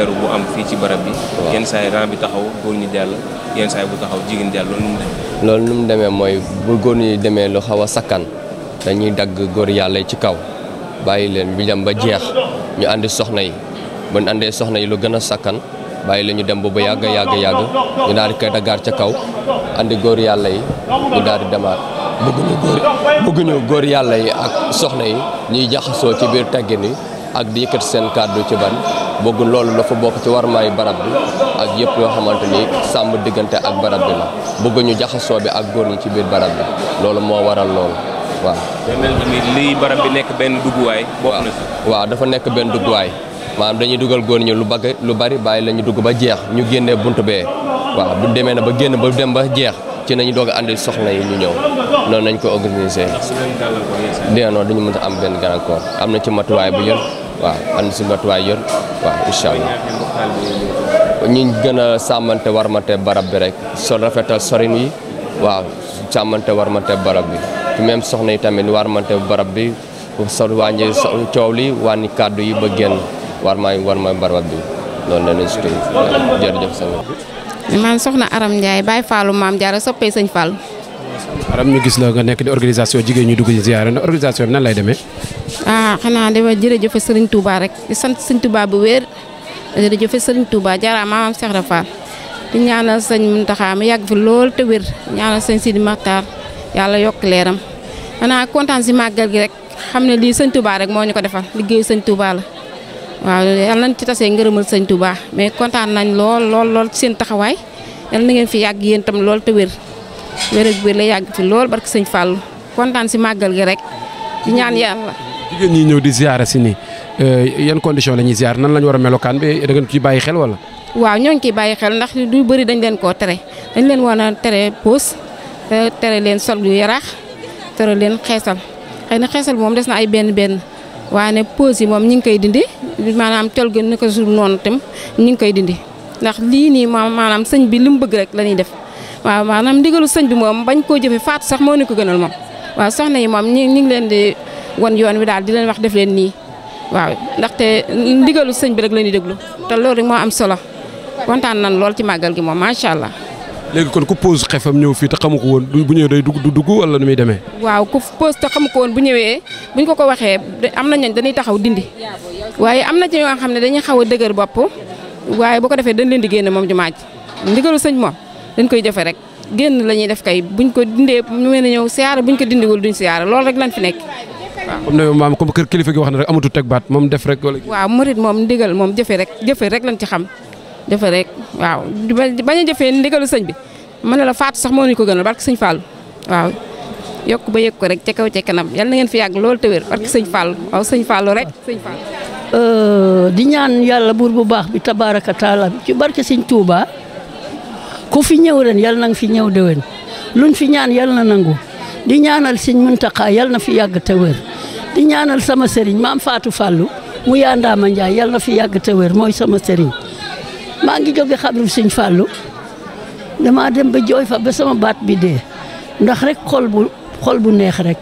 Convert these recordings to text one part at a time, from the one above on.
beru am fii ci barab bi. yenn saa yi rang bi taxaw góor ñi jàll yenn saa yi taxaw jigéen jàll loolu nu mu demee. mooy bu góor ñi demee lu xaw a sakkan dañuy dagg góor yàlla ci kaw bàyyi leen bi dem ba jeex ñu àndi soxna yi bu ñu àndee soxna yi lu gën a sakkan bàyyi la ñu dem ba ba yàgg yàgg yàgg ñu daal di daggaar ca kaw andi góor yàlla yi ñu daal di demaat. bëgguñu góor bëgguñu góor yàlla yi ak soxna yi ñuy jaxasoo ci biir teggin yi ak di yëkkat seen kàddu ci ban bëggul loolu la fa bokk ci warmaay barab bi ak yëpp yoo xamante ni sàmm diggante ak barab bi la bëgg ñu jaxasoo bi ak góor ñi ci biir barab bi loolu moo waral loolu waaw. mel ni lii barab bi nekk benn dugguwaay. bokk na si waaw dafa nekk benn dugguwaay maanaam dañuy dugal góor ñi lu bëgg lu bari bàyyi la ñu dugg ba jeex ñu génnee buntu bee waaw bu demee na ba génn ba dem ba jeex. ci nañu doog a andi soxna yi ñu ñëw noonu nañ ko organiser. dee noonu dañu mën a am benn gàllankoor am na ci matuwaay bu jël waaw and suñu matuwaay yoon waaw incha allah ñu gën a sàmmante warmante barab bi rek sol rafetal sorin yi waaw sàmmante warmante barab bi même soxna yi tamit warmante barab bi sol wàññi coow li wàññi kàddu yi ba génn warmaay warmaay barab bi loolu la ñu si tëj jërëjëf sama. man soxna Aram Ndiaye Baye maam Diarra soppee sëñ Fall. aram ñu gis la nga nekk di organisation jigéen ñu dugg ziyaare na organisation bi nan lay demee. ah xanaa dama jërëjëf Serigne Touba rek di sant Serigne Touba bu wér jërëjëf Serigne Touba jaaraama maam Cheikh Rafaal di ñaanal sëñ Mountakha mu yàgg fi lool te wér ñaanal sëñ Sidi Makhtar yàlla yokk leeram xanaa kontaan si màggal gi rek xam ne lii sëñ Touba rek moo ñu ko defal liggéey sañ Touba la waaw yàlla nañ ci tasee ngërëmal sañ Touba mais kontaan nañ lool lool lool ci seen taxawaay yàlla na ngeen fi yàgg yéen tam lool te wér. wér ak wér la yàgg fi lool barke sëñ Fallou kontaan si màggal gi rek di ñaan yàlla. jigéen ñi ñëw di ziar si nii euh, yan condition la ñuy ziar nan la ñu war a melokaan bi da ngeen bàyyi xel wala. waaw ñoo ngi ciy bàyyi xel ndax du bëri dañ leen koo tere dañ leen war a tere pause tere leen sol yu yaraax tere leen xeesal xëy na xeesal moom des na ay benn benn waane ne yi moom ñu ngi koy dindi maanaam tel gën na ko suul noonu tam ñu ngi koy dindi ndax lii nii maanaam sëñ bi li mu bëgg rek la def. waaw maa maanaam ndigalu sëñ bi moom bañ koo jëfe faatu sax moo ni ko gënal moom waaw soxna yi moom ñi ngi leen di wan yoon wi daal di leen wax def leen nii waaw ndaxte ndigalu sëñ bi rek la ñuy déglu te loolu rek moo am solo kontaan nan lool ci màggal gi moom macha allah. léegi kon ku pose xefam ñëw fii te xamu ko woon bu ñëwee day dugg du dugg wala nu muy demee. waaw ku pose te xamu ko woon bu ñëwee buñ ko ko waxee am na ñooñ dañuy taxaw dindi waaye am na ci ñoo xam ne dañuy xaw a dëgër bopp waaye bu ko defee dañ leen di génne moom jumaa ji ndigalu sëñ moom dañ koy jëfe rek génn la ñuy def kay buñ ko dindee mu mel ne ñëw siyaara buñ ko dindiwul duñ siyaara lool rek lañ fi nekk waaw comme ne maam comme kër kilifa gi wax na rek amatul teg baat moom def rek. waaw murit moom ndigal moom jëfe rek jëfe rek lañ ci xam jëfe rek waaw bañ a jëfee ndigalu sëñ bi mën na la faat sax moo ñu ko gënal barke sëñ Fall waaw yokk ba yëg ko rek ca kaw ca kanam yal na ngeen fi yàgg loolu te wér sëñ Fall waaw sëñ rek sëñ Fall. Euh, di ñaan yàlla buur bu baax bi tabaaraka taala bi ci barke sëñ Touba. ku fi ñew ren yal nang fi fi de wen luñ fi ñaan yal na nangu di ñaanal señ muntaka yal na fi yag te wër di ñaanal sama señ maam Fatou fallu mu ma Ndiaye yal na fi yag te wër moy sama señ ma ngi joge xabru señ fallu dama dem ba joy fa ba sama baat bi de ndax rek xol bu xol bu neex rek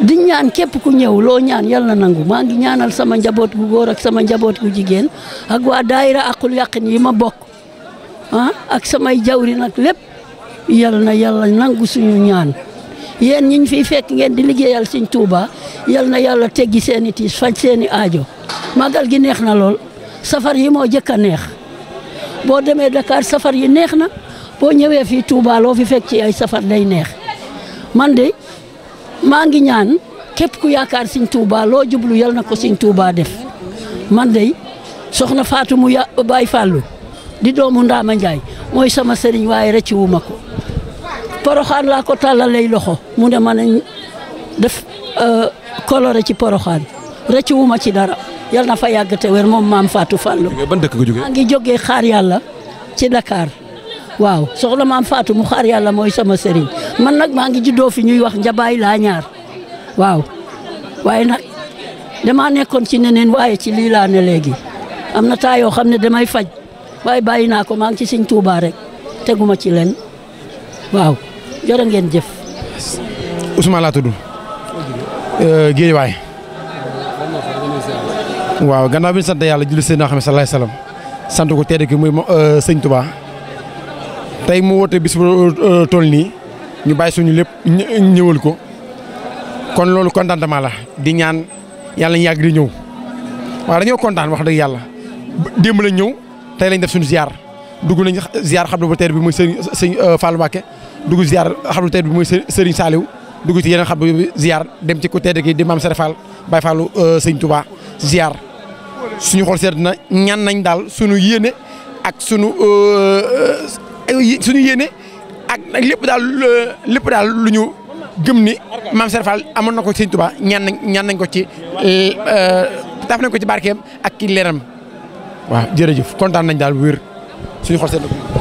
di ñaan kep ku ñew lo ñaan na nangu ma ngi ñaanal sama njabot gu goor ak sama njabot gu jigen ak wa daaira Aqul Yaqin yi ma bok Ah, ak samay jawri nak lepp yal na yàlla nangu suñu ñaan yeen ñiñ fi fekk ngeen di liggéeyal Sëñ touba yal na yàlla teggi seeni ti tiis seeni seen i aajo màggal gi neex na lool safar yi mo jëkka neex bo demee Dakar safar yi neex na boo ñëwee Touba lo fi fekk ci ay safar day neex man de ma ngi ñaan képp ku yaakar Sëñ touba lo jublu yal ko Sëñ touba def man de soxna Fatou mu ya Baye Fallou di doomu Ndaama Njaay mooy sama sëriñ waaye rëcc wu ma ko poroxaan laa ko tàllal lay loxo mu de ma ne def coloré euh, ci poroxaan rëcc wu ci dara yal nafa fa yàgg te wér moom maam faatu Fallou. ban maa ngi jógee xaar yàlla ci Dakar waaw soxna maam Fatou mu xaar yàlla mooy sama sëriñ man nag maa ngi juddoo fi ñuy wax njabaay laa ñaar waaw waaye nag damaa nekkoon ci neneen waaye ci lii laa léegi am na taa xam ne damay faj. waaye bàyyi naa ko maa ngi ci sëñ Touba rek teguma ci leen waaw jërë ngeen jëf. Ousmane laa tudd. Euh, Géejawaay. waaw gannaaw bi ñu sant yàlla julli seen xam ne salaay salaam sant ko tedd ki muy euh, sëñ Touba tey mu woote bis bu euh, toll nii ñu bàyyi suñu lépp ñëwal ko kon loolu contentement la di ñaan yàlla ñu yàgg di ñëw waaw dañoo kontaan wax dëgg yàlla démb la ñëw. tey lañ def suñu ziar dugg nañ ziar xablu bu teer bi muy sëriñ sëriñ euh, Fallou Mbacké dugg ziar xablu bu bi muy sëriñ Saliou dugg ci yeneen xablu bi ziar dem ci ku tedd ki di maam Sere Fall Baye Fallou euh, sëriñ Touba ziar suñu xool seet na ñaan nañ daal suñu yéene ak suñu euh, suñu yéene ak lépp daal lépp daal lu ñu gëm ni maam Sere Fall amoon na ko sëriñ Touba ñaan nañ ñaan nañ ko ci taf nañ ko ci barkeem ak ki leeram waaw jërëjëf kontaan nañ daal wér suñu xol seen